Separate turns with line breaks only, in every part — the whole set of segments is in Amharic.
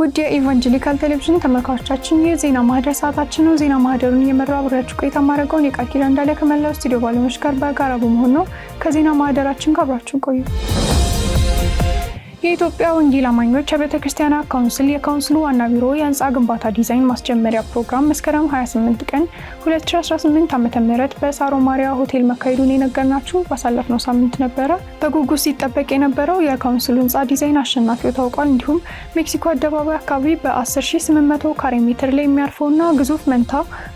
ውድ የኢቫንጀሊካል ቴሌቪዥን ተመልካቾቻችን ይህ ዜና ማህደር ሰዓታችን ነው። ዜና ማህደሩን እየመራው አብሬያችሁ ቆይታ ማድረገውን የቃል ኪዳን እንዳለ ከመላው ስቱዲዮ ባለሙያዎች ጋር በጋራ በመሆን ነው። ከዜና ማህደራችን ጋር አብራችሁ ቆዩ። የኢትዮጵያ ወንጌል አማኞች አብያተ ክርስቲያናት ካውንስል የካውንስሉ ዋና ቢሮ የህንፃ ግንባታ ዲዛይን ማስጀመሪያ ፕሮግራም መስከረም 28 ቀን 2018 ዓ.ም በሳሮ ማሪያ ሆቴል መካሄዱን የነገርናችሁ ባሳለፍነው ሳምንት ነበረ። በጉጉት ሲጠበቅ የነበረው የካውንስሉ ህንፃ ዲዛይን አሸናፊው ታውቋል። እንዲሁም ሜክሲኮ አደባባይ አካባቢ በ10800 ካሬ ሜትር ላይ የሚያርፈውና ግዙፍ መንታ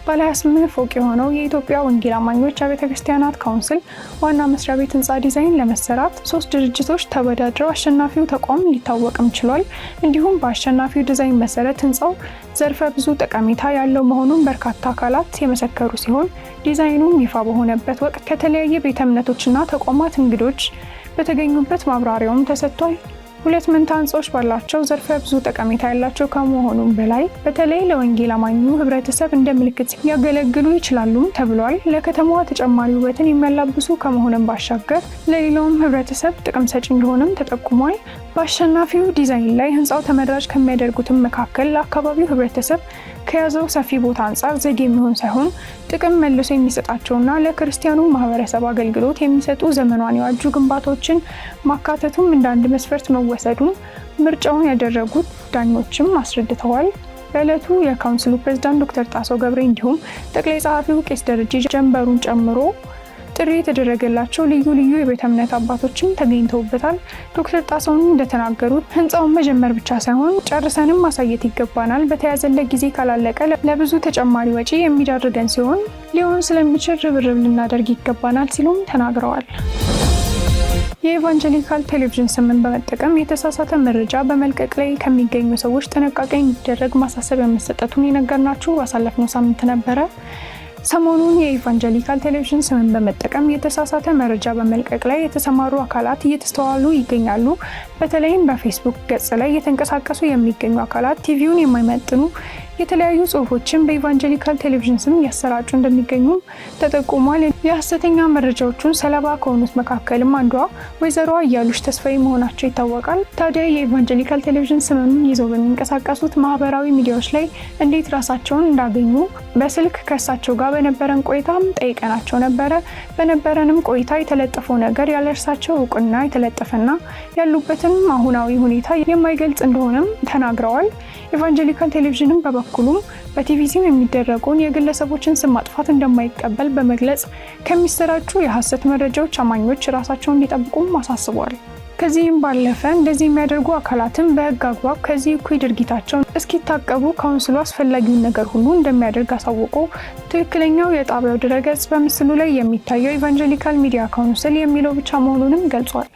ባለ 28 ፎቅ የሆነው የኢትዮጵያ ወንጌል አማኞች አብያተ ክርስቲያናት ካውንስል ዋና መስሪያ ቤት ህንፃ ዲዛይን ለመሰራት ሶስት ድርጅቶች ተወዳድረው አሸናፊው ተቋም ሊታወቅም ችሏል። እንዲሁም በአሸናፊው ዲዛይን መሰረት ህንፃው ዘርፈ ብዙ ጠቀሜታ ያለው መሆኑን በርካታ አካላት የመሰከሩ ሲሆን ዲዛይኑም ይፋ በሆነበት ወቅት ከተለያየ ቤተ እምነቶችና ተቋማት እንግዶች በተገኙበት ማብራሪያውም ተሰጥቷል። ሁለት መንታ ህንፃዎች ባላቸው ዘርፈ ብዙ ጠቀሜታ ያላቸው ከመሆኑም በላይ በተለይ ለወንጌል አማኙ ህብረተሰብ እንደ ምልክት ሊያገለግሉ ይችላሉም ተብሏል። ለከተማዋ ተጨማሪ ውበትን የሚያላብሱ ከመሆንም ባሻገር ለሌላውም ህብረተሰብ ጥቅም ሰጪ እንደሆነም ተጠቁሟል። በአሸናፊው ዲዛይን ላይ ህንፃው ተመራጭ ከሚያደርጉትም መካከል ለአካባቢው ህብረተሰብ ከያዘው ሰፊ ቦታ አንጻር ዘግ የሚሆን ሳይሆን ጥቅም መልሶ የሚሰጣቸውና ለክርስቲያኑ ማህበረሰብ አገልግሎት የሚሰጡ ዘመኗን የዋጁ ግንባታዎችን ማካተቱም እንደ አንድ መስፈርት ነው መወሰዱን ምርጫውን ያደረጉት ዳኞችም አስረድተዋል። በዕለቱ የካውንስሉ ፕሬዝዳንት ዶክተር ጣሶ ገብሬ እንዲሁም ጠቅላይ ጸሐፊው ቄስ ደረጀ ጀንበሩን ጨምሮ ጥሪ የተደረገላቸው ልዩ ልዩ የቤተ እምነት አባቶችም ተገኝተውበታል። ዶክተር ጣሰውን እንደተናገሩት ህንፃውን መጀመር ብቻ ሳይሆን ጨርሰንም ማሳየት ይገባናል። በተያዘለ ጊዜ ካላለቀ ለብዙ ተጨማሪ ወጪ የሚዳርገን ሲሆን ሊሆን ስለሚችል ርብርብ ልናደርግ ይገባናል ሲሉም ተናግረዋል። የኢቫንጀሊካል ቴሌቪዥን ስምን በመጠቀም የተሳሳተ መረጃ በመልቀቅ ላይ ከሚገኙ ሰዎች ጥንቃቄ እንዲደረግ ማሳሰቢያ መሰጠቱን የነገርናችሁ ባሳለፍነው ሳምንት ነበረ። ሰሞኑን የኢቫንጀሊካል ቴሌቪዥን ስምን በመጠቀም የተሳሳተ መረጃ በመልቀቅ ላይ የተሰማሩ አካላት እየተስተዋሉ ይገኛሉ። በተለይም በፌስቡክ ገጽ ላይ እየተንቀሳቀሱ የሚገኙ አካላት ቲቪውን የማይመጥኑ የተለያዩ ጽሁፎችን በኢቫንጀሊካል ቴሌቪዥን ስም እያሰራጩ እንደሚገኙ ተጠቁሟል። የሀሰተኛ መረጃዎቹን ሰለባ ከሆኑት መካከልም አንዷ ወይዘሮ አያሉሽ ተስፋዬ መሆናቸው ይታወቃል። ታዲያ የኢቫንጀሊካል ቴሌቪዥን ስምም ይዘው በሚንቀሳቀሱት ማህበራዊ ሚዲያዎች ላይ እንዴት ራሳቸውን እንዳገኙ በስልክ ከእሳቸው ጋር በነበረን ቆይታም ጠይቀናቸው ነበረ። በነበረንም ቆይታ የተለጠፈው ነገር ያለ እርሳቸው እውቅና የተለጠፈና ያሉበትንም አሁናዊ ሁኔታ የማይገልጽ እንደሆነም ተናግረዋል። ኢቫንጀሊካል ቴሌቪዥንም በበኩ በበኩሉም በቲቪዚም የሚደረጉን የግለሰቦችን ስም ማጥፋት እንደማይቀበል በመግለጽ ከሚሰራጩ የሐሰት መረጃዎች አማኞች ራሳቸውን እንዲጠብቁም አሳስቧል። ከዚህም ባለፈ እንደዚህ የሚያደርጉ አካላትም በሕግ አግባብ ከዚህ እኩይ ድርጊታቸው እስኪታቀቡ ካውንስሉ አስፈላጊውን ነገር ሁሉ እንደሚያደርግ አሳውቆ ትክክለኛው የጣቢያው ድረገጽ በምስሉ ላይ የሚታየው ኢቫንጀሊካል ሚዲያ ካውንስል የሚለው ብቻ መሆኑንም ገልጿል።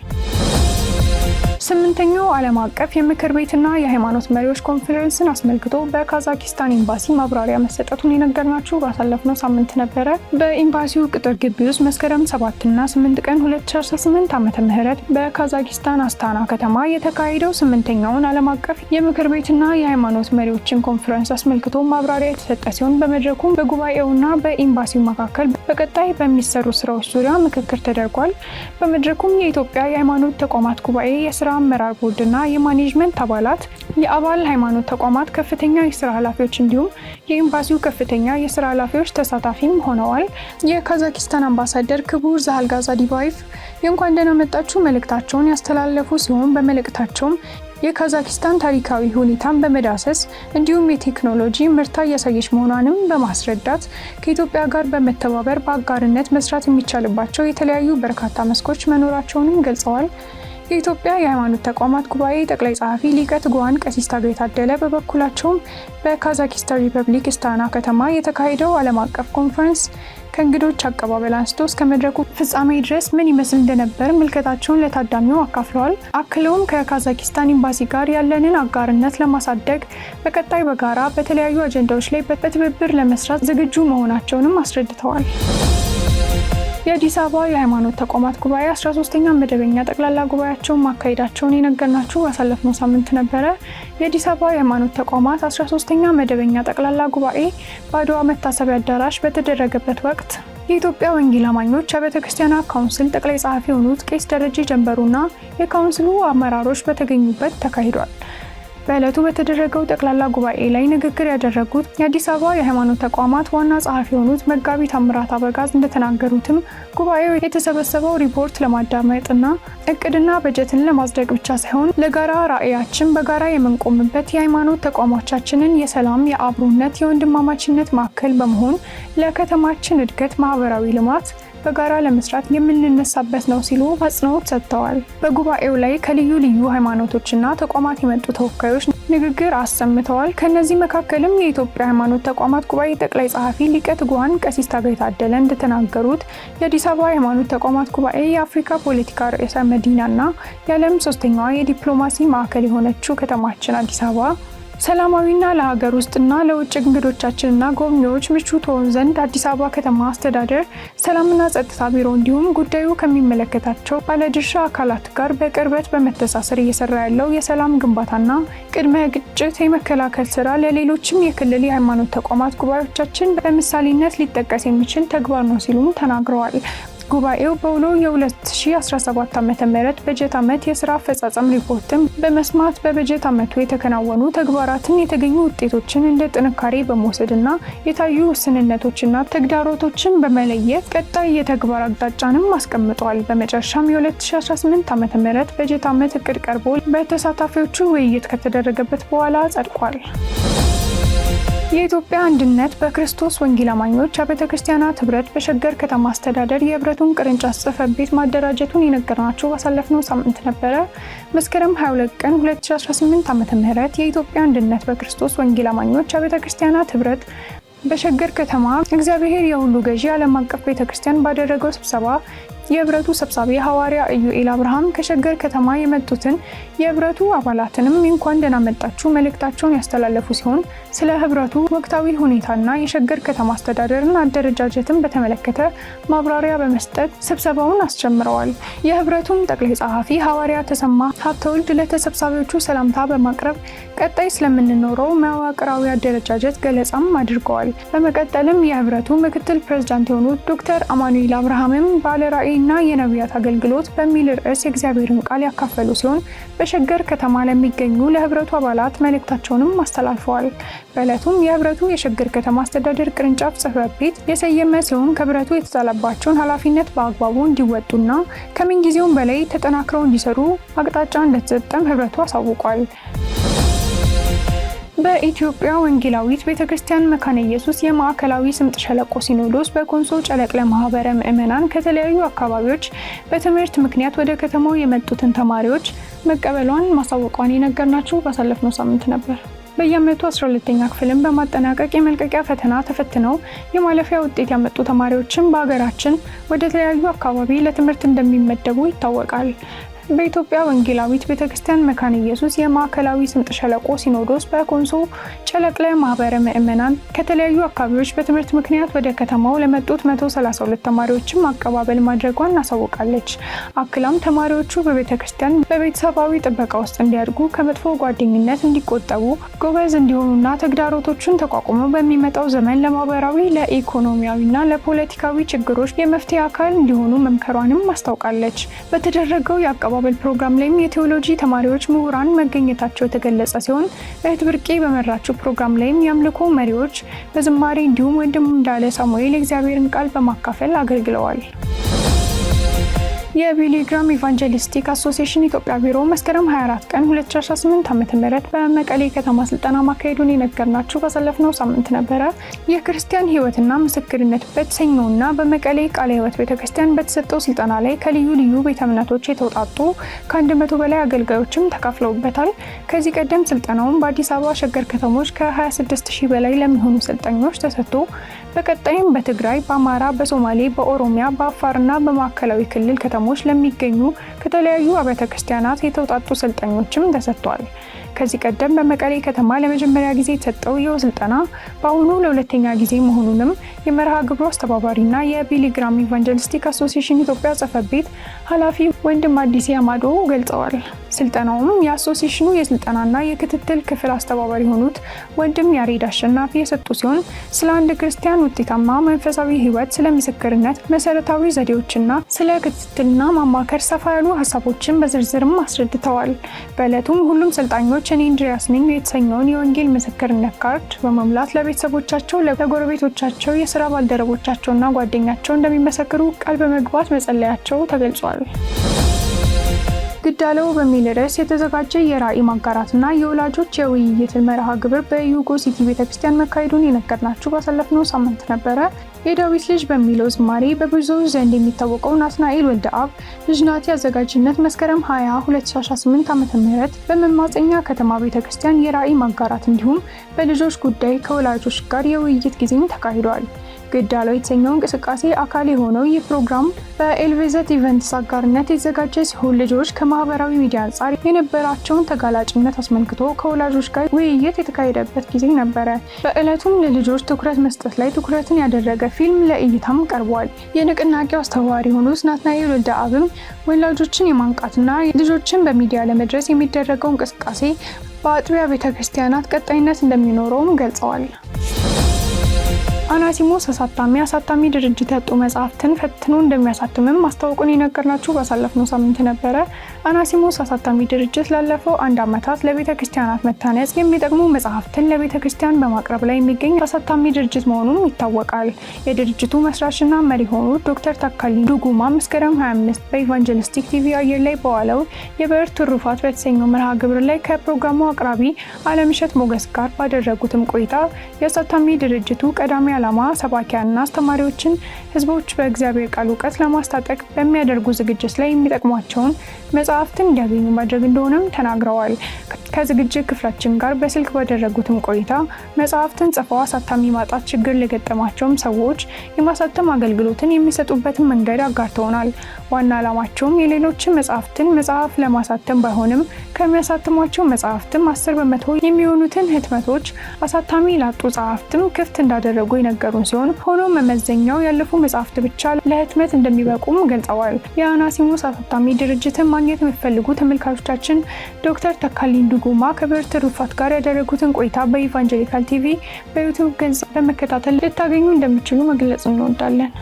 ስምንተኛው ዓለም አቀፍ የምክር ቤትና የሃይማኖት መሪዎች ኮንፈረንስን አስመልክቶ በካዛኪስታን ኤምባሲ ማብራሪያ መሰጠቱን የነገርናችሁ ባሳለፍነው ሳምንት ነበረ። በኤምባሲው ቅጥር ግቢ ውስጥ መስከረም 7ና 8 ቀን 2018 ዓመተ ምህረት በካዛኪስታን አስታና ከተማ የተካሄደው ስምንተኛውን ዓለም አቀፍ የምክር ቤትና የሃይማኖት መሪዎችን ኮንፈረንስ አስመልክቶ ማብራሪያ የተሰጠ ሲሆን በመድረኩም በጉባኤውና በኤምባሲው መካከል በቀጣይ በሚሰሩ ስራዎች ዙሪያ ምክክር ተደርጓል። በመድረኩም የኢትዮጵያ የሃይማኖት ተቋማት ጉባኤ የስራ አመራር ቦርድና የማኔጅመንት አባላት፣ የአባል ሃይማኖት ተቋማት ከፍተኛ የስራ ኃላፊዎች እንዲሁም የኤምባሲው ከፍተኛ የስራ ኃላፊዎች ተሳታፊም ሆነዋል። የካዛኪስታን አምባሳደር ክቡር ዛሃልጋዛዲባይፍ የእንኳን ደህና መጣችሁ መልእክታቸውን ያስተላለፉ ሲሆን በመልእክታቸውም የካዛኪስታን ታሪካዊ ሁኔታን በመዳሰስ እንዲሁም የቴክኖሎጂ ምርታ እያሳየች መሆኗንም በማስረዳት ከኢትዮጵያ ጋር በመተባበር በአጋርነት መስራት የሚቻልባቸው የተለያዩ በርካታ መስኮች መኖራቸውንም ገልጸዋል። የኢትዮጵያ የሃይማኖት ተቋማት ጉባኤ ጠቅላይ ጸሐፊ ሊቀ ትጉሃን ቀሲስ ታጋይ ታደለ በበኩላቸውም በካዛኪስታን ሪፐብሊክ እስታና ከተማ የተካሄደው ዓለም አቀፍ ኮንፈረንስ ከእንግዶች አቀባበል አንስቶ እስከ መድረኩ ፍጻሜ ድረስ ምን ይመስል እንደነበር ምልከታቸውን ለታዳሚው አካፍለዋል። አክለውም ከካዛኪስታን ኤምባሲ ጋር ያለንን አጋርነት ለማሳደግ በቀጣይ በጋራ በተለያዩ አጀንዳዎች ላይ በትብብር ለመስራት ዝግጁ መሆናቸውንም አስረድተዋል። የአዲስ አበባ የሃይማኖት ተቋማት ጉባኤ 13ኛ መደበኛ ጠቅላላ ጉባኤያቸውን ማካሄዳቸውን የነገርናችሁ ያሳለፍነው ሳምንት ነበረ። የአዲስ አበባ የሃይማኖት ተቋማት 13ኛ መደበኛ ጠቅላላ ጉባኤ በአድዋ መታሰቢያ አዳራሽ በተደረገበት ወቅት የኢትዮጵያ ወንጌል አማኞች አብያተ ክርስቲያናት ካውንስል ጠቅላይ ጸሐፊ የሆኑት ቄስ ደረጀ ጀንበሩና የካውንስሉ አመራሮች በተገኙበት ተካሂዷል። በዕለቱ በተደረገው ጠቅላላ ጉባኤ ላይ ንግግር ያደረጉት የአዲስ አበባ የሃይማኖት ተቋማት ዋና ጸሐፊ የሆኑት መጋቢ ታምራት አበጋዝ እንደተናገሩትም ጉባኤው የተሰበሰበው ሪፖርት ለማዳመጥና እቅድና በጀትን ለማጽደቅ ብቻ ሳይሆን ለጋራ ራዕያችን በጋራ የምንቆምበት የሃይማኖት ተቋሞቻችንን የሰላም፣ የአብሮነት፣ የወንድማማችነት ማዕከል በመሆን ለከተማችን እድገት፣ ማህበራዊ ልማት በጋራ ለመስራት የምንነሳበት ነው ሲሉ አጽንኦት ሰጥተዋል። በጉባኤው ላይ ከልዩ ልዩ ሃይማኖቶችና ተቋማት የመጡ ተወካዮች ንግግር አሰምተዋል። ከእነዚህ መካከልም የኢትዮጵያ ሃይማኖት ተቋማት ጉባኤ ጠቅላይ ጸሐፊ ሊቀ ትጉሃን ቀሲስ ታጋይ ታደለ እንደተናገሩት የአዲስ አበባ ሃይማኖት ተቋማት ጉባኤ የአፍሪካ ፖለቲካ ርዕሰ መዲናና የዓለም ሶስተኛዋ የዲፕሎማሲ ማዕከል የሆነችው ከተማችን አዲስ አበባ ሰላማዊና ለሀገር ውስጥና ለውጭ እንግዶቻችንና ጎብኚዎች ምቹ ትሆን ዘንድ አዲስ አበባ ከተማ አስተዳደር ሰላምና ጸጥታ ቢሮ እንዲሁም ጉዳዩ ከሚመለከታቸው ባለድርሻ አካላት ጋር በቅርበት በመተሳሰር እየሰራ ያለው የሰላም ግንባታና ቅድመ ግጭት የመከላከል ስራ ለሌሎችም የክልል የሃይማኖት ተቋማት ጉባኤዎቻችን በምሳሌነት ሊጠቀስ የሚችል ተግባር ነው ሲሉም ተናግረዋል። ጉባኤው በውሎ የ2017 ዓ ም በጀት ዓመት የስራ አፈጻጸም ሪፖርትን በመስማት በበጀት ዓመቱ የተከናወኑ ተግባራትን፣ የተገኙ ውጤቶችን እንደ ጥንካሬ በመውሰድና የታዩ ውስንነቶችና ተግዳሮቶችን በመለየት ቀጣይ የተግባር አቅጣጫንም አስቀምጧል። በመጨረሻም የ2018 ዓ ም በጀት ዓመት እቅድ ቀርቦ በተሳታፊዎቹ ውይይት ከተደረገበት በኋላ ጸድቋል። የኢትዮጵያ አንድነት በክርስቶስ ወንጌል አማኞች አብያተ ክርስቲያናት ህብረት በሸገር ከተማ አስተዳደር የህብረቱን ቅርንጫፍ ጽሕፈት ቤት ማደራጀቱን የነገርናችሁ ባሳለፍነው ሳምንት ነበረ። መስከረም 22 ቀን 2018 ም የኢትዮጵያ አንድነት በክርስቶስ ወንጌል አማኞች አብያተ ክርስቲያናት ህብረት በሸገር ከተማ እግዚአብሔር የሁሉ ገዢ ዓለም አቀፍ ቤተክርስቲያን ባደረገው ስብሰባ የህብረቱ ሰብሳቢ ሐዋርያ ኢዩኤል አብርሃም ከሸገር ከተማ የመጡትን የህብረቱ አባላትንም እንኳን ደህና መጣችሁ መልእክታቸውን ያስተላለፉ ሲሆን ስለ ህብረቱ ወቅታዊ ሁኔታና የሸገር ከተማ አስተዳደርን አደረጃጀትን በተመለከተ ማብራሪያ በመስጠት ስብሰባውን አስጀምረዋል። የህብረቱም ጠቅላይ ጸሐፊ ሐዋርያ ተሰማ ሀብተወልድ ለተሰብሳቢዎቹ ሰላምታ በማቅረብ ቀጣይ ስለምንኖረው መዋቅራዊ አደረጃጀት ገለጻም አድርገዋል። ተገኝተዋል። በመቀጠልም የህብረቱ ምክትል ፕሬዝዳንት የሆኑት ዶክተር አማኑኤል አብርሃምም ባለ ራዕይና የነቢያት አገልግሎት በሚል ርዕስ የእግዚአብሔርን ቃል ያካፈሉ ሲሆን በሸገር ከተማ ለሚገኙ ለህብረቱ አባላት መልእክታቸውንም አስተላልፈዋል። በዕለቱም የህብረቱ የሸገር ከተማ አስተዳደር ቅርንጫፍ ጽህፈት ቤት የሰየመ ሲሆን ከህብረቱ የተጣለባቸውን ኃላፊነት በአግባቡ እንዲወጡና ከምንጊዜውም በላይ ተጠናክረው እንዲሰሩ አቅጣጫ እንደተሰጠም ህብረቱ አሳውቋል። በኢትዮጵያ ወንጌላዊት ቤተ ክርስቲያን መካነ ኢየሱስ የማዕከላዊ ስምጥ ሸለቆ ሲኖዶስ በኮንሶ ጨለቅለ ማህበረ ምዕመናን ከተለያዩ አካባቢዎች በትምህርት ምክንያት ወደ ከተማው የመጡትን ተማሪዎች መቀበሏን ማሳወቋን የነገርናችሁ ባሳለፍነው ሳምንት ነበር። በየአመቱ 12ኛ ክፍልን በማጠናቀቅ የመልቀቂያ ፈተና ተፈትነው የማለፊያ ውጤት ያመጡ ተማሪዎችን በሀገራችን ወደ ተለያዩ አካባቢ ለትምህርት እንደሚመደቡ ይታወቃል። በኢትዮጵያ ወንጌላዊት ቤተክርስቲያን ክርስቲያን መካነ ኢየሱስ የማዕከላዊ ስምጥ ሸለቆ ሲኖዶስ በኮንሶ ጨለቅለ ማህበረ ምዕመናን ከተለያዩ አካባቢዎች በትምህርት ምክንያት ወደ ከተማው ለመጡት 132 ተማሪዎችም አቀባበል ማድረጓን አሳውቃለች። አክላም ተማሪዎቹ በቤተ ክርስቲያን በቤተሰባዊ ጥበቃ ውስጥ እንዲያድጉ፣ ከመጥፎ ጓደኝነት እንዲቆጠቡ፣ ጎበዝ እንዲሆኑና ተግዳሮቶችን ተቋቁመው በሚመጣው ዘመን ለማህበራዊ ለኢኮኖሚያዊና ለፖለቲካዊ ችግሮች የመፍትሄ አካል እንዲሆኑ መምከሯንም አስታውቃለች። በተደረገው አቀባበል ፕሮግራም ላይም የቴዎሎጂ ተማሪዎች፣ ምሁራን መገኘታቸው የተገለጸ ሲሆን እህት ብርቄ በመራችው ፕሮግራም ላይም የአምልኮ መሪዎች በዝማሬ እንዲሁም ወንድም እንዳለ ሳሙኤል የእግዚአብሔርን ቃል በማካፈል አገልግለዋል። የቢሊግራም ኢቫንጀሊስቲክ አሶሲሽን ኢትዮጵያ ቢሮ መስከረም 24 ቀን 2018 ዓ ም በመቀሌ ከተማ ስልጠና ማካሄዱን የነገርናችሁ ባሳለፍነው ሳምንት ነበረ። የክርስቲያን ህይወትና ምስክርነት በተሰኘውና በመቀሌ ቃለ ህይወት ቤተክርስቲያን በተሰጠው ስልጠና ላይ ከልዩ ልዩ ቤተ እምነቶች የተውጣጡ ከ100 በላይ አገልጋዮችም ተካፍለውበታል። ከዚህ ቀደም ስልጠናውም በአዲስ አበባ ሸገር ከተሞች ከ26000 በላይ ለሚሆኑ ሰልጣኞች ተሰጥቶ በቀጣይም በትግራይ፣ በአማራ፣ በሶማሌ፣ በኦሮሚያ፣ በአፋርና በማዕከላዊ ክልል ከተሞች ለሚገኙ ከተለያዩ አብያተ ክርስቲያናት የተውጣጡ ሰልጣኞችም ተሰጥቷል። ከዚህ ቀደም በመቀሌ ከተማ ለመጀመሪያ ጊዜ የተሰጠው የው ስልጠና በአሁኑ ለሁለተኛ ጊዜ መሆኑንም የመርሃ ግብሩ አስተባባሪና የቢሊግራም ኢቫንጀሊስቲክ አሶሲሽን ኢትዮጵያ ጽሕፈት ቤት ኃላፊ ወንድም አዲስ አማዶ ገልጸዋል። ስልጠናውም የአሶሲሽኑ የስልጠናና የክትትል ክፍል አስተባባሪ የሆኑት ወንድም ያሬድ አሸናፊ የሰጡ ሲሆን ስለ አንድ ክርስቲያን ውጤታማ መንፈሳዊ ሕይወት ስለ ምስክርነት መሰረታዊ ዘዴዎችና ስለ ክትትልና ማማከር ሰፋ ያሉ ሀሳቦችን በዝርዝርም አስረድተዋል። በዕለቱም ሁሉም ሰልጣኞች እኔ እንድሪያስ ነኝ የተሰኘውን የወንጌል ምስክርነት ካርድ በመሙላት ለቤተሰቦቻቸው፣ ለጎረቤቶቻቸው፣ የስራ ባልደረቦቻቸውና ጓደኛቸው እንደሚመሰክሩ ቃል በመግባት መጸለያቸው ተገልጿል። ግዳለው በሚል ርዕስ የተዘጋጀ የራዕይ ማጋራትና የወላጆች የውይይት መርሃ ግብር በዩጎ ሲቲ ቤተክርስቲያን መካሄዱን የነገርናችሁ ባሳለፍነው ሳምንት ነበረ። የዳዊት ልጅ በሚለው ዝማሬ በብዙ ዘንድ የሚታወቀው ናትናኤል ወልደ አብ ልጅናት አዘጋጅነት መስከረም 20 2018 ም በመማፀኛ ከተማ ቤተክርስቲያን የራዕይ ማጋራት እንዲሁም በልጆች ጉዳይ ከወላጆች ጋር የውይይት ጊዜም ተካሂዷል። ግዳሎ የተሰኘው እንቅስቃሴ አካል የሆነው ይህ ፕሮግራም በኤልቬዘት ኢቨንትስ አጋርነት የተዘጋጀ ሲሆን ልጆች ከማህበራዊ ሚዲያ አንጻር የነበራቸውን ተጋላጭነት አስመልክቶ ከወላጆች ጋር ውይይት የተካሄደበት ጊዜ ነበረ። በዕለቱም ለልጆች ትኩረት መስጠት ላይ ትኩረትን ያደረገ ፊልም ለእይታም ቀርቧል። የንቅናቄው አስተዋሪ የሆኑት ናትናኤል አብም ወላጆችን የማንቃትና ልጆችን በሚዲያ ለመድረስ የሚደረገው እንቅስቃሴ በአጥቢያ ቤተ ክርስቲያናት ቀጣይነት እንደሚኖረውም ገልጸዋል። አናሲሞስ አሳታሚ አሳታሚ ድርጅት ያጡ መጽሐፍትን ፈትኖ እንደሚያሳትምም ማስታወቁን የነገርናችሁ ባሳለፍነው ሳምንት ነበረ። አናሲሞስ አሳታሚ ድርጅት ላለፈው አንድ ዓመታት ለቤተ ክርስቲያናት መታነጽ የሚጠቅሙ መጽሐፍትን ለቤተ ክርስቲያን በማቅረብ ላይ የሚገኝ አሳታሚ ድርጅት መሆኑም ይታወቃል። የድርጅቱ መስራችና መሪ ሆኑ ዶክተር ታካሊ ዱጉማ መስከረም 25 በኢቫንጀሊስቲክ ቲቪ አየር ላይ በዋለው የብዕር ትሩፋት በተሰኘው መርሃ ግብር ላይ ከፕሮግራሙ አቅራቢ አለምሸት ሞገስ ጋር ባደረጉትም ቆይታ የአሳታሚ ድርጅቱ ቀዳሚ ዓላማ ሰባኪያንና አስተማሪዎችን ህዝቦች በእግዚአብሔር ቃል እውቀት ለማስታጠቅ በሚያደርጉ ዝግጅት ላይ የሚጠቅሟቸውን መጽሐፍትን እንዲያገኙ ማድረግ እንደሆነም ተናግረዋል። ከዝግጅት ክፍላችን ጋር በስልክ ባደረጉትም ቆይታ መጽሐፍትን ጽፈው አሳታሚ ማጣት ችግር ለገጠማቸውም ሰዎች የማሳተም አገልግሎትን የሚሰጡበትን መንገድ አጋርተውናል። ዋና ዓላማቸውም የሌሎችን መጽሐፍትን መጽሐፍ ለማሳተም ባይሆንም ከሚያሳትሟቸው መጽሐፍትም አስር በመቶ የሚሆኑትን ህትመቶች አሳታሚ ላጡ ጸሐፍትም ክፍት እንዳደረጉ ይነ የነገሩን ሲሆን ሆኖም መመዘኛው ያለፉ መጽሐፍት ብቻ ለህትመት እንደሚበቁም ገልጸዋል። የአናሲሞስ አሳታሚ ድርጅትን ማግኘት የሚፈልጉ ተመልካቾቻችን ዶክተር ተካልኝ ዱጉማ ከብዕር ትሩፋት ጋር ያደረጉትን ቆይታ በኢቫንጀሊካል ቲቪ በዩቱብ ገጽ በመከታተል ልታገኙ እንደሚችሉ መግለጽ እንወዳለን።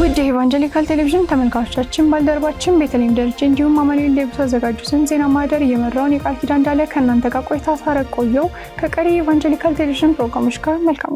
ውድ የኢቫንጀሊካል ቴሌቪዥን ተመልካቾቻችን ባልደረባችን ቤተልሔም ደረጀ እንዲሁም አማኑኤል ሌብሶ አዘጋጁትን ዜና ማህደር እየመራውን የቃል ኪዳን እንዳለ ከእናንተ ጋር ቆይታ ሳረቅ ቆየው። ከቀሪ የኢቫንጀሊካል ቴሌቪዥን ፕሮግራሞች ጋር መልካም